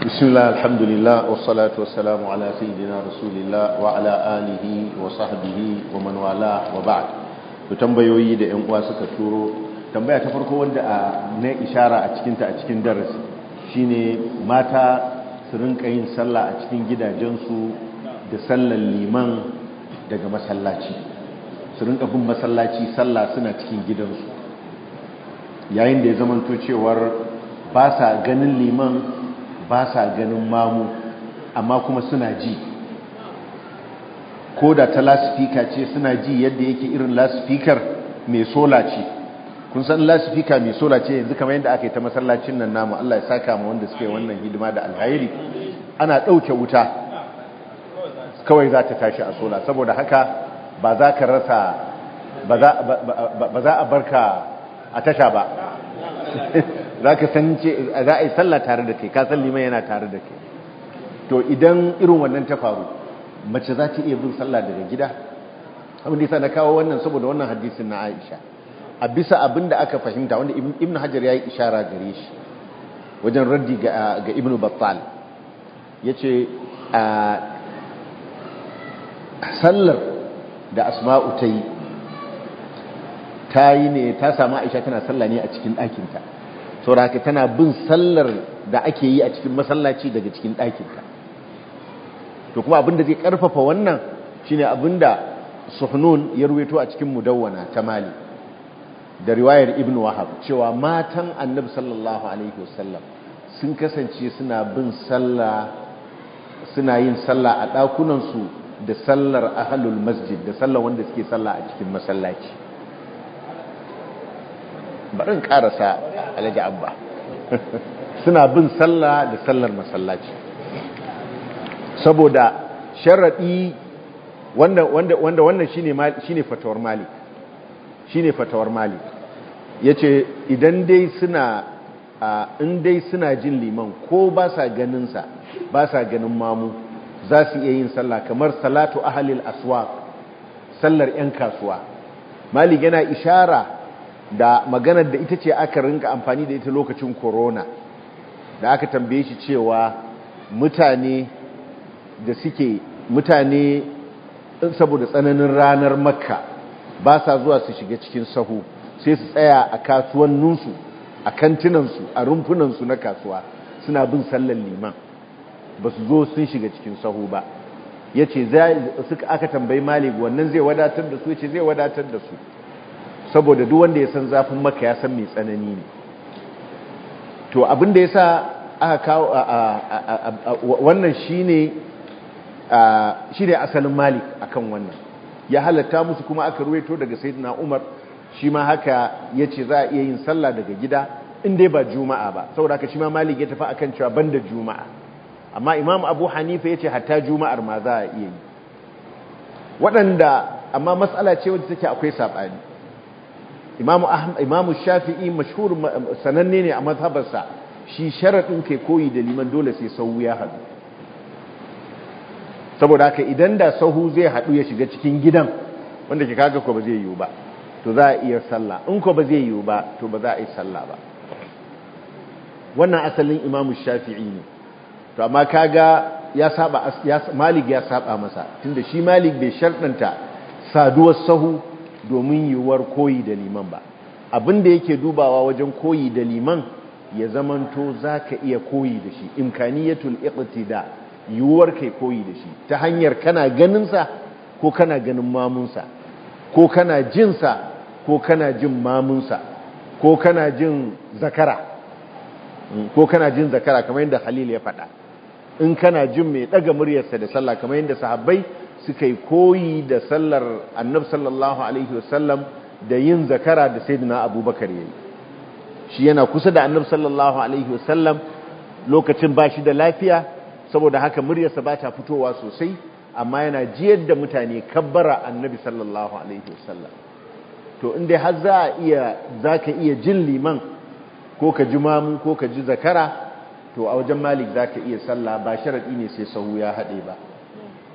بسم الله الحمد لله والصلاة والسلام على سيدنا رسول الله وعلى آله وصحبه ومن والاه وبعد tambayoyi da yan uwa suka turo tambaya ta farko wanda ah, na ishara a cikin ta a cikin darasi shine mata su rinka yin sallah a cikin gidajensu da sallar liman daga masallaci su rinka bin masallaci sallah suna cikin gidansu yayin da ya zamanto cewar ba sa ganin liman ba sa ganin mamu amma kuma suna ji ko da ta lasifika ce suna ji yadda yake irin lasifikar mai sola ce kun san lasifika mai sola ce yanzu kama yadda aka yi ta masallacin nan namu Allah ya saka ma wanda suke wannan hidima da alhairi ana ɗauke wuta kawai za ta tashi a sola saboda haka ba za ka rasa ba za a barka a tasha ba za ka san za a yi sallah tare da kai ka san liman yana tare da kai to idan irin wannan ta faru mace za ta iya bin sallah daga gida abin da yasa na kawo wannan saboda wannan hadisin na Aisha a bisa abin da aka fahimta wanda Ibn Hajar ya yi ishara gare shi wajen raddi ga Ibn Battal yace a sallar da Asma'u ta yi ta yi ne ta samu Aisha tana sallah ne a cikin ɗakinta saboda haka tana bin sallar da ake yi a cikin masallaci daga cikin ɗakinta to kuma abinda zai ƙarfafa wannan shine abinda suhnun ya ruwaito a cikin mudawwana ta mali da riwayar ibn wahab cewa matan annabi sallallahu alaihi wasallam sun kasance suna bin sallah suna yin sallah a ɗakunansu da sallar ahalul masjid da sallar wanda suke sallah a cikin masallaci barin karasa alhaji abba suna bin sallah da sallar masallaci saboda sharaɗi wanda wannan shine fatawar mali shine fatawar mali yace idan dai suna in dai suna jin liman ko ba sa ganin sa ba sa ganin mamu za su iya yin sallah kamar salatu ahalil aswaq sallar yan kasuwa mali yana ishara da maganar da ita ce aka rinka amfani da ita lokacin korona da aka tambaye shi cewa mutane da suke mutane saboda tsananin ranar makka ba sa zuwa su shiga cikin sahu sai su tsaya a kasuwanninsu a kantinansu a rumfunansu na kasuwa suna bin sallar liman ba su zo sun shiga cikin sahu ba ya ce aka tambayi malik wannan zai wadatar da su ya ce zai wadatar da su saboda duk wanda ya san zafin maka ya san mai tsanani ne to abin da ya sa aka kawo wannan shine ne asalin malik akan wannan ya halatta musu kuma aka ruwaito daga na umar shi ma haka ce za a iya yin sallah daga gida in dai ba juma'a ba saboda haka shi ma malik ya tafi akan cewa ban da juma'a amma imam abu hanifa ya ce hatta juma'ar ma za a iya yi waɗanda amma matsala ce wadda take akwai saɓani imamu imamu shafi'i mashhur sananne ne a mazhabarsa shi sharadin kai koyi da liman dole sai sahu ya hadu saboda haka idan da sahu zai hadu ya shiga cikin gidan wanda ke kaga ko ba zai yiwu ba to za a iya sallah in ko ba zai yiwu ba to ba za a yi sallah ba wannan asalin imamu shafi'i ne to amma kaga ya saba malik ya saba masa tunda shi malik bai sharɗanta saduwar sahu domin yiwuwar koyi da liman ba abin da yake dubawa wajen koyi da liman ya zamanto za ka iya koyi da shi imkaniyatul iqtida yiwuwar kai koyi da shi ta hanyar kana ganinsa ko kana ganin mamunsa ko kana jinsa ko kana jin mamunsa ko kana jin zakara mm, ko kana jin zakara kamar yadda Halil ya faɗa in kana jin mai ɗaga muryarsa da sallah kamar yadda sahabbai suka yi koyi da sallar annab sallallahu alaihi wasallam da yin zakara da sayyidina abubakar yayi shi yana kusa da annab sallallahu alaihi wasallam lokacin bashi da lafiya saboda haka muryarsa ba ta fitowa sosai amma yana jiyar da mutane kabbara annabi sallallahu alaihi wasallam to inda har za a iya zaka iya jin liman ko ka ji mamu ko ka ji zakara to a wajen malik zaka iya sallah ba sharadi ne sai sahu ya haɗe ba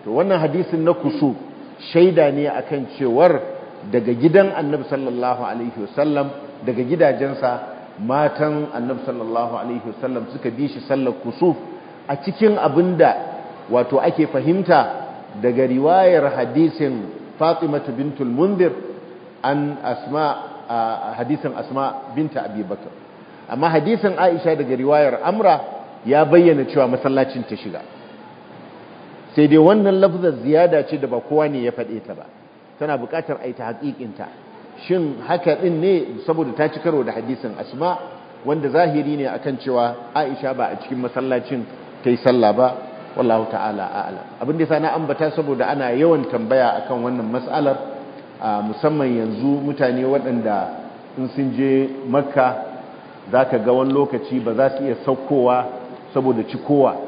to wannan hadisin na kusu shaida ne akan cewar daga gidan annabi sallallahu alaihi wasallam daga gidajensa matan annabi sallallahu alaihi wasallam suka bi shi sallar kusuf a cikin abinda wato ake fahimta daga riwayar hadisin Fatima bintul Mundir an Asma hadisin Asma binta Abi Bakr amma hadisin Aisha daga riwayar Amra ya bayyana cewa masallacin ta shiga sai dai wannan lafzar ziyada ce da ba kowa ne ya faɗe ta ba tana buƙatar a yi ta haƙiƙinta shin haka ɗin ne saboda ta ci karo da hadisin asma wanda zahiri ne akan cewa aisha ba a cikin masallacin ta yi sallah ba wallahu ta'ala a'ala abin da sana ambata saboda ana yawan tambaya akan wannan mas'alar musamman yanzu mutane waɗanda in sun je makka za ka ga wani lokaci ba za su iya saukowa saboda cikowa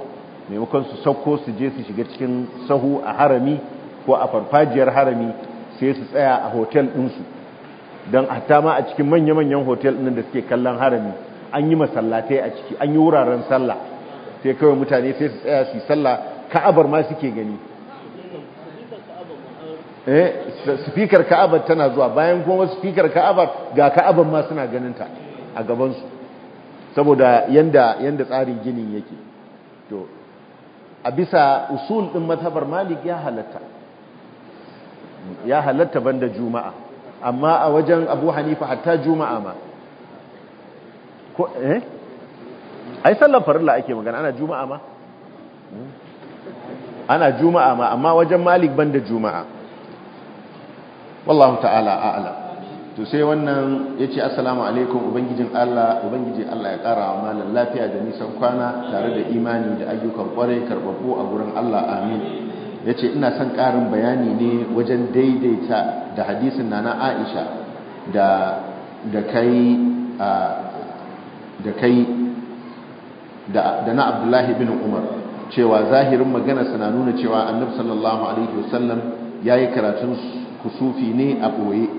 maimakon su sauko su je su shiga cikin sahu a harami ko a farfajiyar harami sai su tsaya a hotel ɗinsu don hatta ma a cikin manya-manyan hotel ɗin da suke kallon harami an yi masallatai a ciki an yi wuraren sallah sai kawai mutane sai su tsaya su sallah ka'abar ma suke gani eh ka'abar tana zuwa bayan kuma speaker ka'abar ga ka'abar ma suna ganin ta a gabansu saboda yanda yanda tsarin ginin yake to a bisa usul ɗin mazhabar malik ya halatta ya halatta banda juma'a amma a wajen abu hanifa hatta juma'a ma ko eh ai sallar farilla ake magana ana juma'a ma hmm? ana juma'a ma amma wajen malik banda juma'a wallahu ta'ala a'lam to sai wannan ya ce assalamu alaikum ubangijin allah ubangijin allah ya kara wa malar lafiya da nisan kwana tare da imani da ayyukan kwarai karbabbo a gurin allah amin ya ce ina son karin bayani ne wajen daidaita da hadisin na na aisha da kai da na abdullahi bin umar cewa zahirin magana suna nuna cewa annabi sallallahu alaihi wasallam ya yi karatun kusufi ne a ɓoye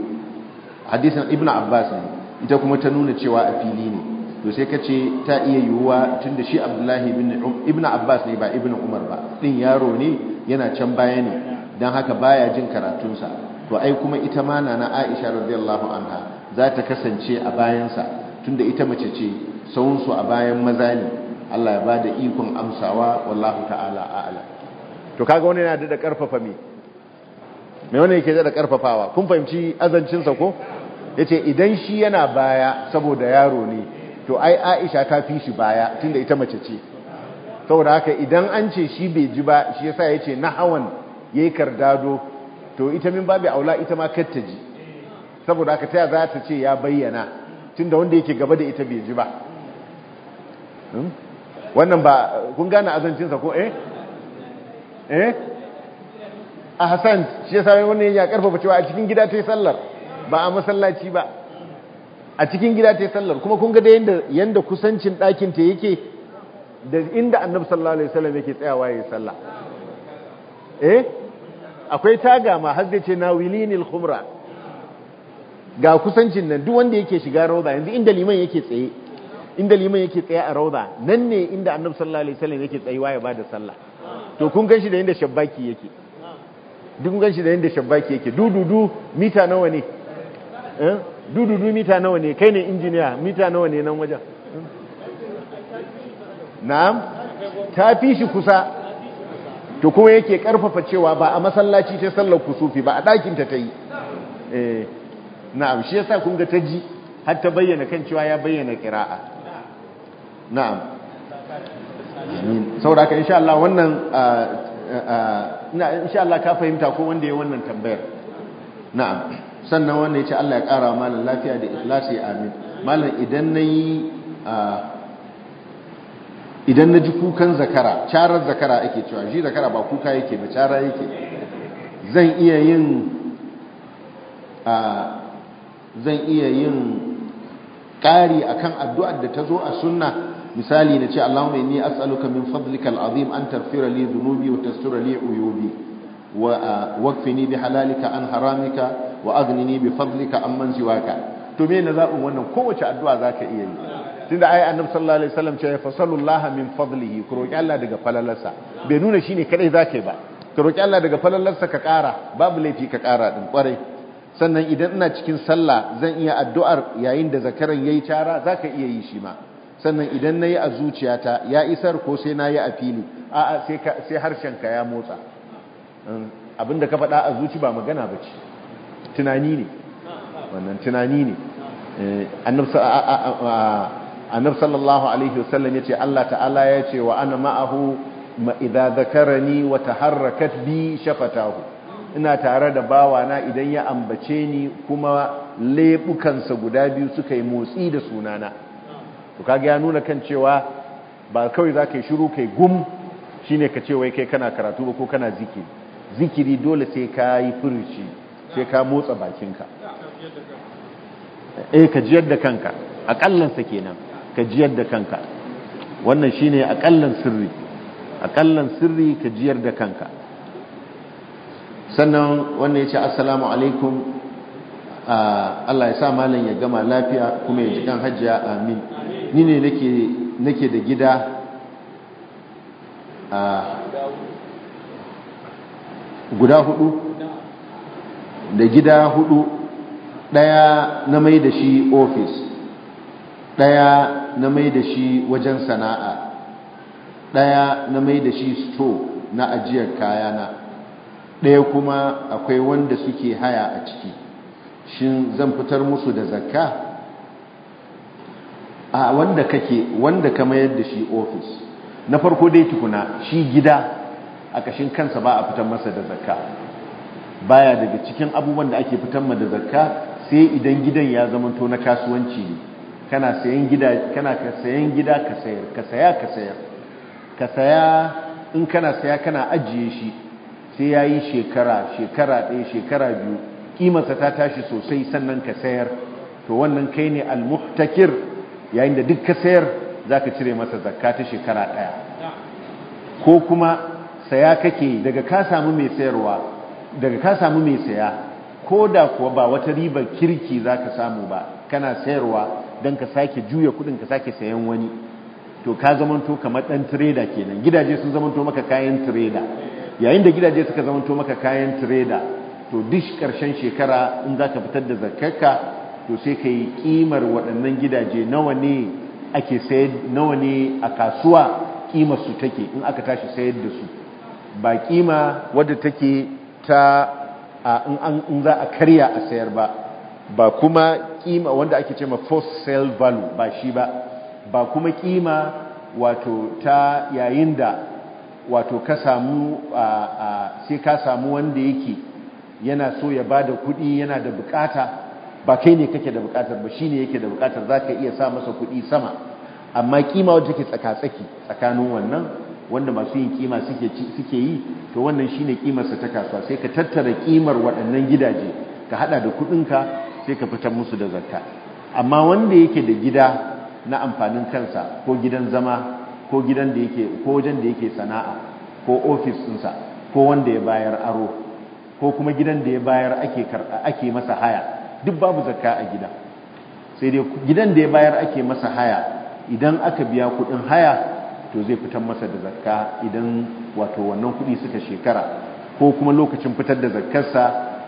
hadisin Ibn abbas ne ita kuma ta nuna cewa a fili ne to sai ka ce ta iya yiwuwa tunda shi abdullahi um, ibn abbas ne ba ibn umar ba din yaro ne yana can baya ne dan haka baya jin karatunsa to ai kuma ita ma na aisha radiyallahu anha za ta kasance a bayansa tunda ita mace ce sawunsu a bayan maza ne allah ya bada ikon amsawa wallahu ta'ala a'ala to kaga wani yana da karfafa me me wani yake da karfafawa kun fahimci azancinsa ko yace idan shi yana baya saboda yaro ne to ai Aisha ta fi shi baya tunda ita mace ce saboda haka idan an ce shi bai ji ba shi yasa hawan ya yi kardado to ita min babu aula ita ma kar ta ji saboda haka ta za ta ce ya bayyana tunda wanda yake gaba da ita bai ji ba hmm? wannan ba kun gane azancinsa ko eh eh a Hassan shi yasa wani ya karfafa cewa a cikin gida ta yi sallar ba a masallaci ba a cikin gida ta yi sallar kuma kun ga da yadda kusancin ɗakin ta yake da inda annabi sallallahu alaihi wasallam yake tsayawa yayin sallah eh akwai taga ma har zai ce nawilinil khumra ga kusancin nan duk wanda yake shiga rauda yanzu inda liman yake tsaye inda liman yake tsaye a rauda nan ne inda annabi sallallahu alaihi wasallam yake tsayuwa ya bada sallah to kun ganshi da inda shabbaki yake duk kun ganshi da inda shabbaki yake mita nawa ne dududu eh? mita nawa ne kai ne injiniya mita nawa ne nan wajen na'am ta fi shi kusa to kuma yake karfafa cewa ba a masallaci ta sallar kusufi ba a ɗakinta ta yi eh, na'am shi yasa kun ga ta ji har ta bayyana kan cewa ya bayyana kira'a na'am saura ka insha Allah wannan insha Allah ka fahimta ko wanda ya wannan tambayar na'am sannan wanda ya ce Allah ya ƙara malam lafiya da ikhlasi amin malam idan na yi idan na ji kukan zakara carar zakara ake cewa shi zakara ba kuka yake ba cara yake zan iya yin zan iya yin ƙari akan addu'ar da ta zo a sunna misali na ce Allahumma ni as'aluka min fadlikal azim an tarfira li zunubi wa tastura li uyubi wa wakfini bi halalika an haramika wa aghnini bi fadlika amman siwaka to me na zabin wannan kowace addu'a zaka iya yi tunda ai annabi sallallahu alaihi wasallam ce fa sallallahu min fadlihi ku roki Allah daga falalarsa bai nuna shine kadai zaka ba ka roki Allah daga falalarsa ka kara babu laifi ka kara din kwarai sannan idan ina cikin sallah zan iya addu'ar yayin da zakaran yayi cara zaka iya yi shi ma sannan idan nayi a zuciyata ya isar ko sai nayi a fili a'a sai sai harshen ka ya motsa abinda ka faɗa a zuci ba magana ba ce. tunani ne wannan tunani ne eh, annab sallallahu alaihi wasallam ya ce Allah ta'ala ya ce wa ana ma'ahu ma idza zakarani wa taharrakat bi shafatahu ina tare da bawana idan ya ambace ni kuma lebukansa guda biyu suka yi motsi da sunana to kage ya nuna kan cewa ba kawai za ka yi shiru kai gum shine ka ce wai kai kana karatu ba ko kana zikiri zikiri dole sai ka yi furuci sai ka motsa bakinka eh ka jiyar da kanka akallansa kenan ka jiyar da kanka wannan shine akallan sirri akallan sirri ka jiyar da kanka sannan wannan yace assalamu alaikum ah, Allah ya sa malam ya gama lafiya kuma ya ji kan hajjiya amin ni ne nake nake da gida ah, guda hudu da gida hudu daya na mai da shi ofis daya na mai da shi wajen sana'a daya na mai da shi store na ajiyar kayana daya kuma akwai wanda suke haya a ciki shin zan fitar musu da zakka a wanda kake wanda ka mayar da shi ofis na farko dai tukuna shi gida a kashin kansa ba a fitar masa da zakka baya daga cikin abubuwan da ake fitar ma da zakka sai idan gidan ya zamanto na kasuwanci ne kana sayan gida kana ka sayan gida ka sayar ka saya ka sayar ka saya in kana saya kana ajiye shi sai yayi shekara shekara ɗaya shekara biyu kimarsa ta tashi sosai sannan ka sayar to wannan kai ne almuhtakir yayin da duk ka sayar zaka cire masa zakka ta shekara ɗaya ko kuma saya kake daga ka samu mai sayarwa daga ka samu mai saya ko da kuwa ba wata ribar kirki za ka samu ba kana sayarwa don ka sake juya kudin ka sake sayan wani to ka zamanto kamar ɗan tireda kenan gidaje sun zamanto maka kayan tireda yayin da gidaje suka zamanto maka kayan tireda to duk ƙarshen shekara in za ka fitar da zakarka to sai ka yi ƙimar waɗannan gidaje nawa ne ake sayar nawa ne a kasuwa kimar su take in aka tashi sayar da su ba ƙima wadda take ta in za a karya a sayar ba ba kuma kima wanda ake ce ma force sale value ba shi ba ba kuma kima wato ta yayin da wato ka samu sai ka samu wanda yake yana so ya ba da kuɗi yana da bukata ba kai ne kake da bukatar ba shi ne yake da bukatar za ka iya sa masa kuɗi sama amma kima wanda take tsaka-tsaki tsakanin wannan wanda masu yin kima suke yi to wannan shine kimarsa ta kasuwa sai ka tattara kimar waɗannan gidaje ka hada da kuɗinka sai ka fitar musu da zakka amma wanda yake da gida na amfanin kansa ko gidan zama ko gidan da yake ko wajen da yake sana'a ko ofis ɗinsa ko wanda ya bayar aro ko kuma gidan da ya bayar ake masa haya duk babu zakka a gidan sai dai gidan da ya bayar ake masa haya idan aka biya kuɗin haya to zai fitar masa da zakka idan wato wannan kuɗi suka shekara ko kuma lokacin fitar da zakkarsa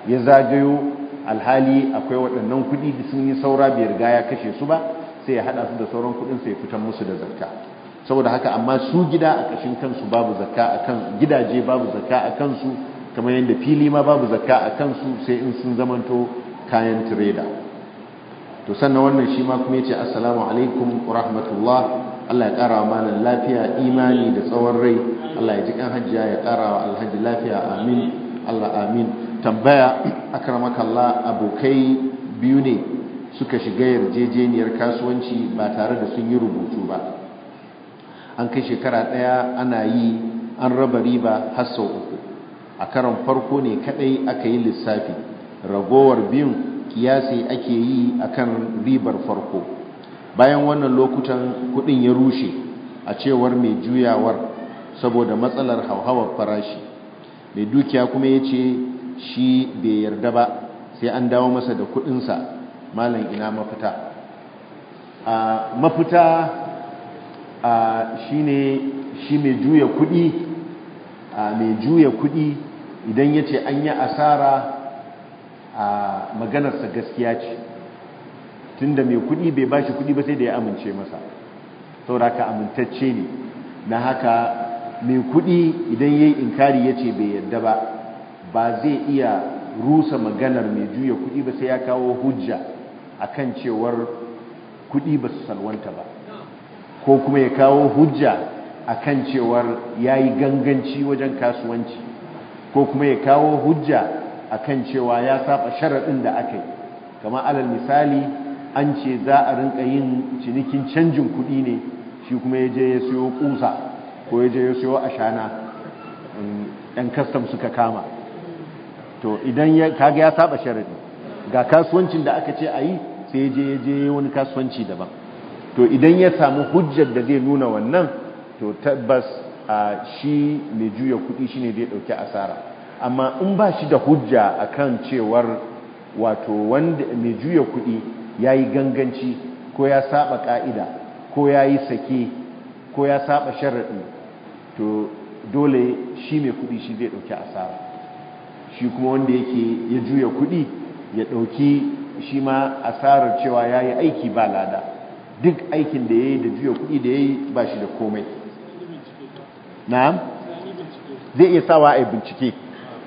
ya zagayo alhali akwai waɗannan kuɗi sun yi saura bai riga ya kashe su ba sai ya haɗa su da sauran kuɗin sai ya fitar musu da zakka saboda haka amma su gida a ƙashin kansu babu zakka a kan gidaje babu zakka a kansu kamar yadda fili ma babu zakka a kansu sai in sun zamanto kayan tireda to sannan wannan shi ma kuma ya ce assalamu alaikum rahmatullah Allah ya ƙara malam lafiya imani da tsawon rai Allah ya ji kan hajjiya ya ƙara wa alhaji lafiya amin Allah amin tambaya akramakallah abokai biyu ne suka shiga yarjejeniyar kasuwanci ba tare da sun yi rubutu ba an kai shekara ɗaya ana yi an raba riba har sau uku a karon farko ne kaɗai aka yi lissafi ragowar biyun kiyasi ake yi akan ribar farko bayan wannan lokutan kudin ya rushe a cewar mai juyawar saboda matsalar hauhawar farashi mai dukiya kuma ya ce shi bai yarda ba sai an dawo masa da kudinsa malam ina mafita a mafita a shi ne shi mai juya kudi a mai juya kudi idan ya ce an yi asara a maganarsa gaskiya ce tun da mai kuɗi bai bashi kuɗi ba sai da ya amince masa saboda ka amintacce ne na haka mai kuɗi idan yayi inkari ya ce bai yadda ba ba zai iya rusa maganar mai juya kuɗi ba sai ya kawo hujja a kan cewar kuɗi ba su salwanta ba ko kuma ya kawo hujja a kan cewar ya yi ganganci wajen kasuwanci ko kuma ya kawo hujja a kan cewa ya saba sharaɗin da aka yi kama alal misali an ce za a rinka yin cinikin canjin kuɗi ne shi kuma ya je ya siyo ƙusa ko ya je ya siyo ashana ɗan um, kastam suka kama to idan ya kaga ya saba sharadi ga kasuwancin da aka ce a yi sai ya je ya je wani kasuwanci daban to idan ya samu hujjar da zai nuna wannan to tabbas a shi mai juya kuɗi shine zai ɗauki asara amma in ba shi da hujja akan cewar wato wanda mai juya kuɗi ya yi ganganci ko ya saba ƙa'ida ko ya yi sake ko ya saba sharaɗi to dole shi mai kuɗi shi zai ɗauki asara shi kuma wanda yake ya juya kuɗi ya ɗauki shi ma asarar cewa ya yi aiki ba lada duk aikin da ya yi da juya kuɗi da ya yi ba shi da komai na'am zai iya sawa a bincike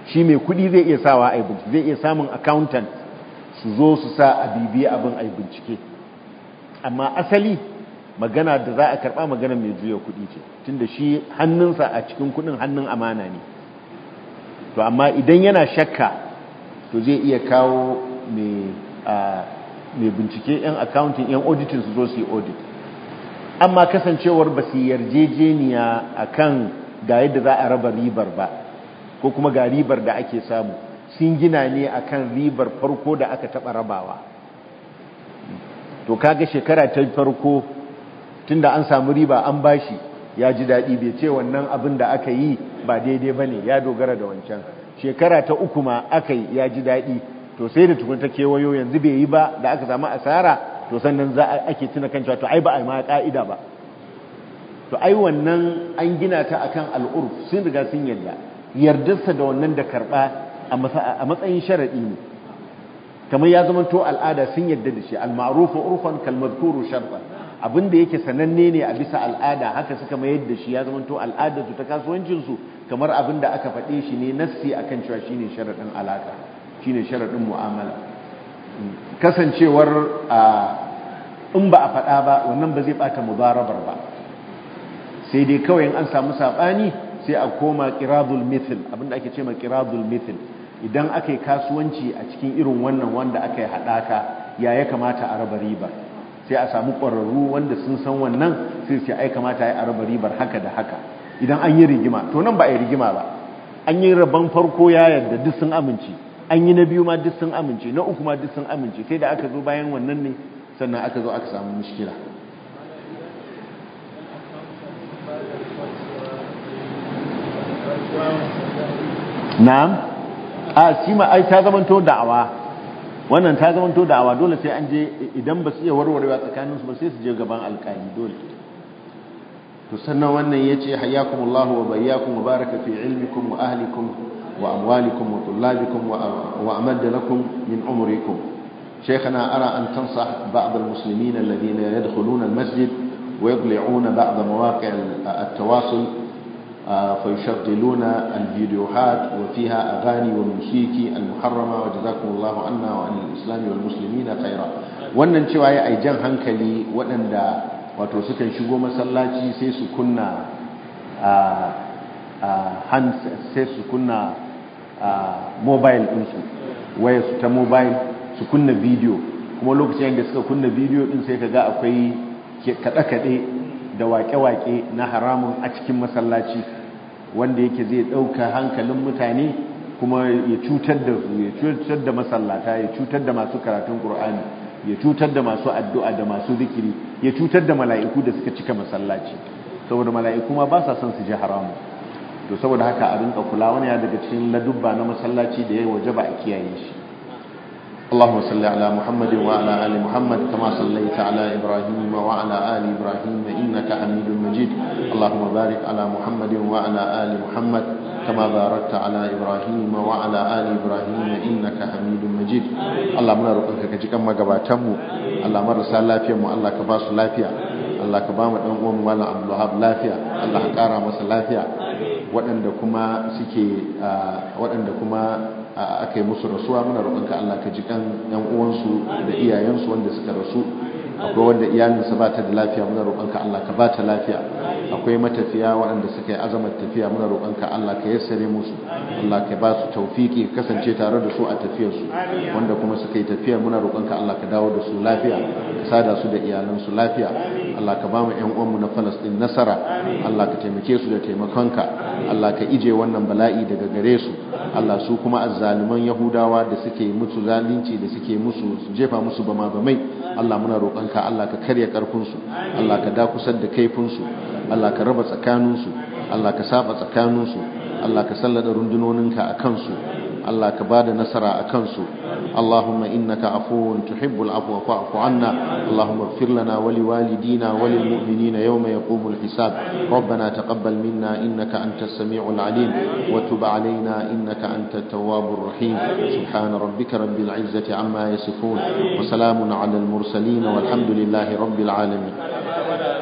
shi mai kuɗi zai iya sawa a bincike zai iya samun accountant su zo su sa a bibiya abin a bincike amma asali magana da za a karba magana mai juya kuɗi ce tunda shi hannunsa a cikin kuɗin hannun amana ne to amma idan yana shakka to zai iya kawo mai bincike 'yan accounting 'yan auditin su zo su yi audit amma kasancewar ba su yarjejeniya a kan ga yadda za a raba ribar ba ko kuma ga ribar da ake samu sun gina ne akan ribar farko da aka taba rabawa to kaga shekara ta farko tunda an samu riba an bashi ya ji daɗi bai ce wannan abin da aka yi ba daidai ba ne ya dogara da wancan shekara ta uku ma aka yi ya ji daɗi to sai da tukunta kewayo yanzu bai yi ba da aka samu asara to sannan za a ake tuna kan cewa to ai ba a ma ƙa'ida ba to ai wannan an gina ta akan al'urf sun riga sun yarda yardarsa da wannan da karba a matsayin sharaɗi ne kamar ya zama to al'ada sun yadda da shi al-ma'rufu urfan kal madhkuru shartan abin yake sananne ne a bisa al'ada haka suka mayar da shi ya zama to al'ada su ta kasuwancin su kamar abinda aka faɗe shi ne nassi akan cewa shine sharaɗin alaka shine sharaɗin mu'amala kasancewar in ba a faɗa ba wannan ba zai bata mubarabar ba sai dai kawai in an samu saɓani sai a koma qiradul mithl abin da ake ce ma ƙirabul mithil idan aka yi kasuwanci a cikin irin wannan wanda aka yi haɗaka ya ya kamata a raba ribar sai a samu kwararru wanda sun san wannan sai sai ai kamata ya raba ribar haka da haka idan an yi rigima to nan ba a yi rigima ba an yi rabon farko ya yadda duk sun amince an yi na biyu ma duk sun amince na uku ma duk sun amince sai da aka zo bayan wannan ne sannan aka zo aka samu mushkila na'am a shi ma ai ta zamanto da'awa wannan ta zamanto da'awa dole sai an je idan ba su iya warwarewa tsakanin su ba sai su je gaban alƙali dole to sannan wannan yace hayyakumullahu wa bayyakum mubaraka fi ilmikum wa ahlikum wa amwalikum wa tullabikum wa amadda lakum min umrikum شيخنا أرى أن تنصح بعض المسلمين masjid يدخلون المسجد ويضلعون بعض مواقع التواصل فيشغلون الفيديوهات وفيها أغاني وموسيقى المحرمة وجزاكم الله عنا وعن الإسلام والمسلمين خيرا wannan cewa ya aijan jan hankali waɗanda wato sukan shigo masallaci sai su kunna sai su kunna mobile ɗinsu waya su ta mobile su kunna bidiyo kuma lokacin da suka kunna bidiyo ɗin sai ka ga akwai kaɗe-kaɗe da waƙe-waƙe na haramun a cikin masallaci wanda yake zai ɗauka hankalin mutane kuma ya cutar da su ya cutar da masallata ya cutar da masu karatun ƙur'ani ya cutar da masu addu'a da masu zikiri ya cutar da mala'iku da suka cika masallaci saboda mala'iku ma ba sa son su ji haramu. to saboda haka a rinka kula wani ya daga cikin ladubba na masallaci da ya waje ba a kiyaye shi اللهم صل على محمد وعلى آل محمد كما صليت على إبراهيم وعلى آل إبراهيم إنك حميد مجيد اللهم بارك على محمد وعلى آل محمد كما باركت على إبراهيم وعلى آل إبراهيم إنك حميد مجيد اللهم نرقلك كجكما قباتمو اللهم رسال لافيا الله كباس لافيا Allah ka ba mu dan uwan Malam Abdulhab lafiya Allah ka kara masa lafiya waɗanda kuma suke waɗanda kuma aka yi musu rasuwa muna roƙonka Allah ka ji kan yan uwansu da iyayensu wanda suka rasu akwai wanda iyalinsa ba ta da lafiya muna roƙonka Allah ka ba ta lafiya akwai matafiya waɗanda suka yi azamar tafiya muna roƙonka Allah ka yassare musu Allah ka ba su tawfiki kasance tare da su a tafiyarsu wanda kuma suka yi tafiyar muna roƙonka Allah ka dawo da su lafiya ka sada su da iyalansu lafiya Allah ka ba mu ƴan uwanmu na Falastin nasara Allah ka taimake su da taimakonka Allah ka ije wannan bala'i daga gare su Allah su kuma azzaluman Yahudawa da suke musu zalunci da suke musu jefa musu bama bamai Allah muna roƙon ƙarfinka Allah ka karya ƙarfinsu Allah ka da dakusar da kaifinsu Allah ka raba tsakaninsu Allah ka saba tsakaninsu Allah ka sallada rundunoninka a kansu Allah ka ba da nasara a kansu اللهم إنك عفو تحب العفو فاعف عنا اللهم اغفر لنا ولوالدينا وللمؤمنين يوم يقوم الحساب ربنا تقبل منا إنك أنت السميع العليم وتب علينا إنك أنت التواب الرحيم سبحان ربك رب العزة عما يصفون وسلام على المرسلين والحمد لله رب العالمين